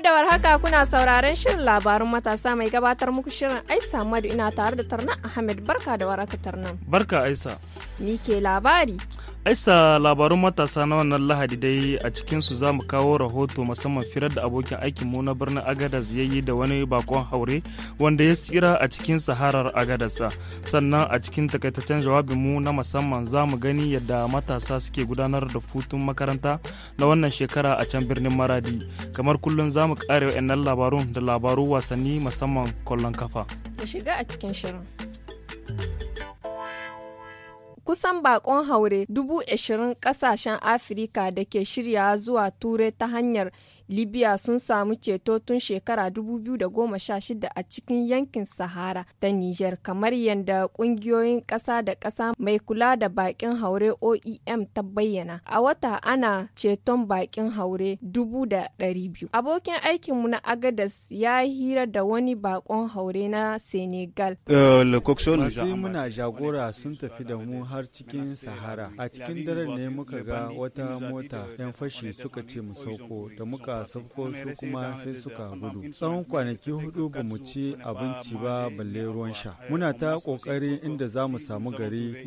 da warhaka kuna sauraron shirin labarun matasa mai gabatar muku shirin Aisa Madu ina tare da Tarna Ahmed barka da waraka Tarnan. Barka Aisa. Ni ke labari. aisa labarun matasa na wannan lahadi dai a cikinsu za mu kawo rahoto musamman firar da abokin aikinmu na birnin agadas ya da wani bakon haure wanda ya tsira a cikin saharar Agadarsa sannan a cikin takaitaccen jawabinmu na musamman za mu gani yadda matasa suke gudanar da futun makaranta na wannan shekara a can birnin maradi kamar kullum za mu kare wa'annan labarun da labaru wasanni musamman kwallon kafa. shiga a cikin shirin. kusan bakon haure dubu ashirin kasashen afirka da ke shirya zuwa turai ta hanyar Libya sun samu ceto tun shekara 2016 a cikin yankin Sahara ta Nijar kamar yadda kungiyoyin ƙasa da ƙasa mai kula da bakin haure OEM ta bayyana. A wata ana ceton bakin haure 200,000. Abokin aikinmu na Agadas ya hira da wani bakon haure na Senegal. Eh, Masu muna jagora sun tafi da mu har cikin Sahara. A cikin daren ne muka ga wata mota 'yan fashi suka ce mu sauko da muka sauko su kuma sai suka gudu tsawon kwanaki hudu ba mu ci abinci ba balle ruwan sha muna ta kokari inda za mu samu gari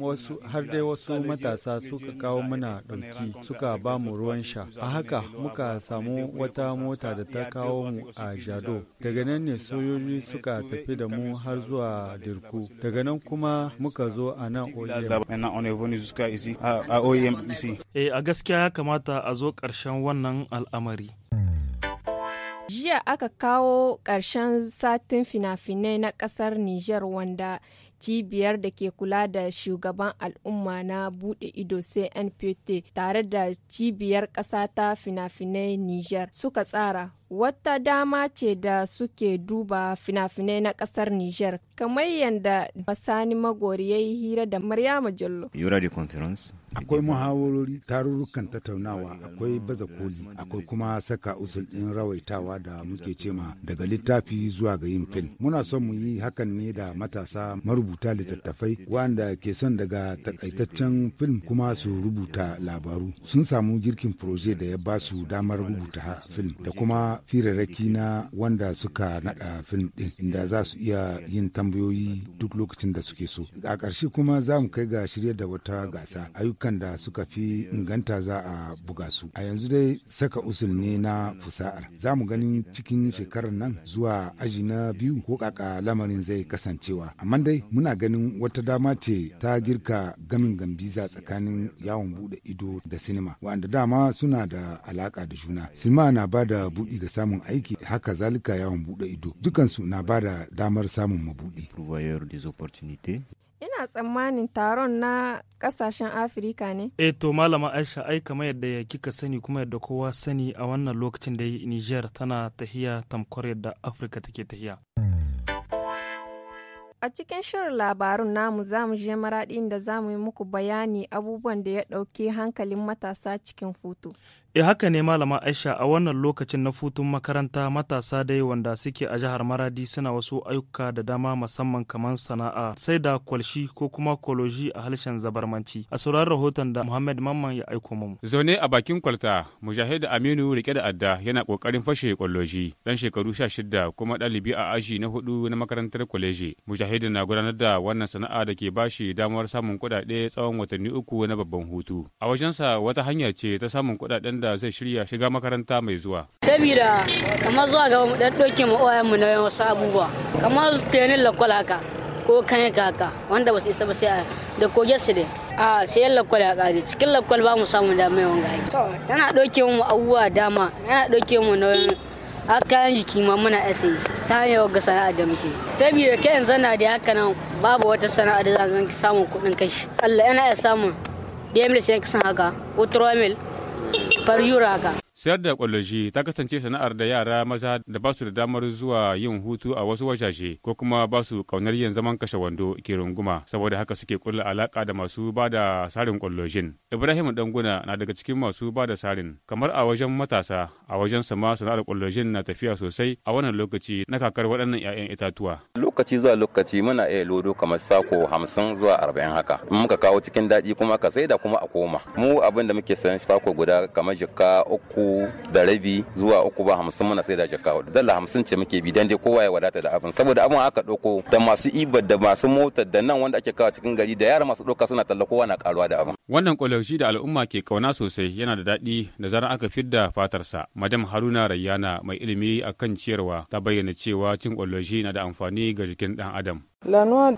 har dai wasu matasa suka kawo mana ɗauki suka ba mu ruwan sha a haka muka samu wata mota da ta kawo mu a jado daga nan ne soyoyi suka tafi da mu har zuwa dirku daga nan kuma muka zo a nan oem a gaskiya ya kamata a zo ƙarshen wannan al'amari Jiya aka kawo ƙarshen satin fina-finai na ƙasar Nijar wanda cibiyar da ke kula da shugaban al'umma na buɗe ido sai CNPT tare da cibiyar ƙasa ta fina-finai Nijar suka tsara wata dama ce da suke duba fina-finai na ƙasar Nijar, kamar yadda Basani Magori ya yi hira da Maryama Jallo. Yura de conference akwai muhawarori tarurrukan tattaunawa akwai baza koli akwai kuma saka usul ɗin rawaitawa da muke cema daga littafi zuwa ga yin fil muna son mu yi hakan ne da matasa marubuta littattafai wanda ke son daga takaitaccen film kuma su rubuta labaru sun samu girkin proje da ya ba su damar rubuta film da kuma firarraki na wanda suka nada film din inda za su iya yin tambayoyi duk lokacin da suke so a ƙarshe kuma za mu kai ga shirye da wata gasa ayyuka ayyukan da suka fi inganta za a buga su a yanzu dai saka usul ne na fusa'ar za mu gani cikin shekarar nan zuwa aji na biyu ko kaka lamarin zai kasancewa amma dai muna ganin wata dama ce ta girka gamin gambiza tsakanin yawon bude ido da sinima wanda dama suna da alaka da juna sinima na ba da buɗi ga samun aiki haka zalika yawon bude ido dukansu na ba da damar samun mabuɗi tsammanin taron na kasashen afirika ne. Eh to Malama Aisha ai kamar yadda kika sani kuma yadda kowa sani a wannan lokacin da Niger tana tahiya tamkar yadda Afirka take tahiya. A cikin shirin labarun namu za mu je maraɗi da za mu yi muku bayani abubuwan da ya ɗauki hankalin matasa cikin foto. E haka ne malama Aisha a wannan lokacin na futun makaranta matasa dai wanda suke a jihar Maradi suna wasu ayyuka da dama musamman kamar sana'a sai da kwalshi ko kuma koloji a harshen zabarmanci. A sauran rahoton da Muhammad Mamman ya aiko mu. Zaune a bakin kwalta Mujahid Aminu rike da adda yana kokarin fashe kwalloji dan shekaru 16 kuma ɗalibi a aji na hudu na makarantar kwaleji. Mujahid na gudanar da wannan sana'a da ke bashi damar samun kuɗaɗe tsawon watanni uku na babban hutu. A wajensa wata hanya ce ta samun kuɗaɗen wanda zai shirya shiga makaranta mai zuwa. Sabida kamar zuwa gaba mu dan mu uwayen mu na wasu abubuwa kamar tenin lakwala haka ko kanyar kaka wanda ba su isa ba sai da koge su ne. A sayan lakwala ya kare cikin lakwal ba mu samu da mai wanga aiki. To tana doke mu abubuwa dama yana ɗauke mu nauyin a kayan jiki ma muna ese ta hanyar ga sana'a da muke saboda kai yanzu na da haka nan babu wata sana'a da za ka samu kuɗin kashi Allah yana ya samun. da mil sai kusan haka ko tromil पर युरागा sayar da kwalloji ta kasance sana'ar da yara maza da ba su da damar zuwa yin hutu a wasu wajaje ko kuma ba su kaunar yin zaman kashe wando ke runguma saboda haka suke kulla alaka da masu ba da sarin kwallojin ibrahim danguna na daga cikin masu ba da sarin kamar a wajen matasa a wajen sama sana'ar kwallojin na tafiya sosai a wannan lokaci na kakar waɗannan 'ya'yan itatuwa lokaci zuwa lokaci muna iya lodo kamar sako hamsin zuwa arba'in haka in muka kawo cikin daɗi kuma ka sai da kuma a koma mu abin da muke sayan sako guda kamar jikka uku da rabi zuwa uku ba hamsin muna sai da jaka hudu dala hamsin ce muke bi dan dai kowa ya wadata da abin saboda abin aka ɗauko da masu ibar da masu motar da nan wanda ake kawo cikin gari da yara masu ɗauka suna talla kowa na karuwa da abin. wannan kwalaushi da al'umma ke kauna sosai yana da daɗi da zara aka fidda fatarsa madam haruna rayyana mai ilimi akan ciyarwa ta bayyana cewa cin kwalaushi na da amfani ga jikin ɗan adam.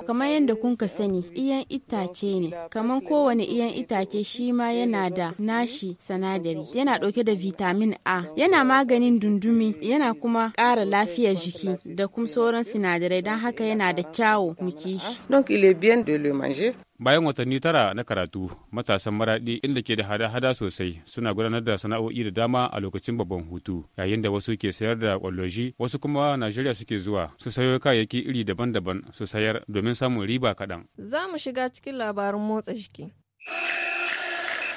Kamar yadda kun ka sani, iyan itace ne, kamar kowane iyan itace shi ma yana da nashi sanadari, yana ɗauke da vitamin A, yana maganin dundumi, yana kuma kara lafiyar jiki da kuma sauran sinadarai don haka yana da kyawo mu ci shi. Bayan watanni tara na karatu, matasan maraɗi inda ke da hada-hada sosai suna gudanar da sana'o'i da dama a lokacin babban hutu, yayin da wasu ke sayar da kwalloji, wasu kuma Najeriya suke zuwa su sayo kayayyaki iri daban-daban su sayar domin samun riba kaɗan. Za mu shiga cikin labarin motsa jiki.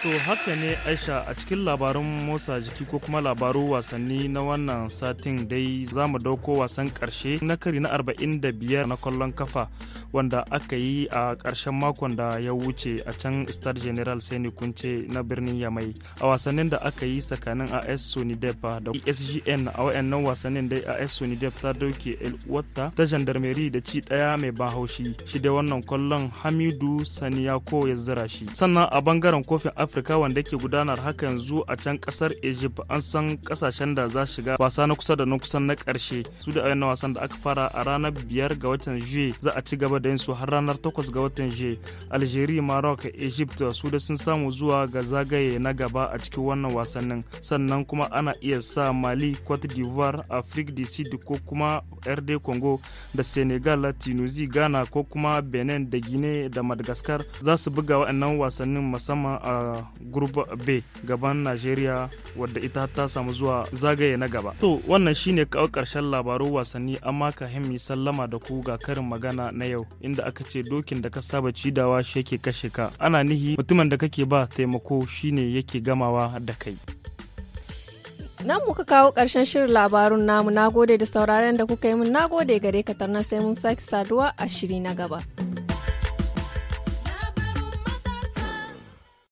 To haka ne Aisha a cikin labarun motsa jiki ko kuma labaru wasanni na wannan satin dai za mu dauko wasan karshe na kari na 45 na kwallon kafa wanda aka yi a karshen makon da ya wuce a can Star General Sani Kunce na birnin Yamai. A wasannin da aka yi tsakanin AS Sonidep da S.G.N, a wayannan wasannin dai AS Sonidep ta dauke El Wata ta jandarmeri da ci daya mai ban haushi shi da wannan kwallon Hamidu Saniya ko ya zira shi. Sannan a bangaren kofin afirka wanda ke gudanar haka yanzu a can kasar egypt an san kasashen da za shiga wasa na kusa da na kusan na karshe su da ayyana wasan da aka fara a ranar biyar ga watan juye za a ci gaba da yin su har ranar takwas ga watan juye algeria maroc egypt su da sun samu zuwa ga zagaye na gaba a cikin wannan wasannin sannan kuma ana iya sa mali cote d'ivoire afrique du sud ko kuma rd congo da senegal tunisia ghana ko kuma benin da guinea da madagascar za su buga waɗannan wasannin musamman a group b gaban najeriya wadda ita ta samu zuwa zagaye na gaba to wannan shine kawo karshen labarun wasanni amma ka himmi sallama da ku ga karin magana na yau inda aka ce dokin da ka saba cidawa shi yake kashe ka ana nihi mutumin da kake ba taimako shine yake gamawa da kai Nan muka kawo ƙarshen shirin labarun namu na gode da sauraren da kuka yi mun na gode gare ka tarnan sai mun sake saduwa a shiri na gaba.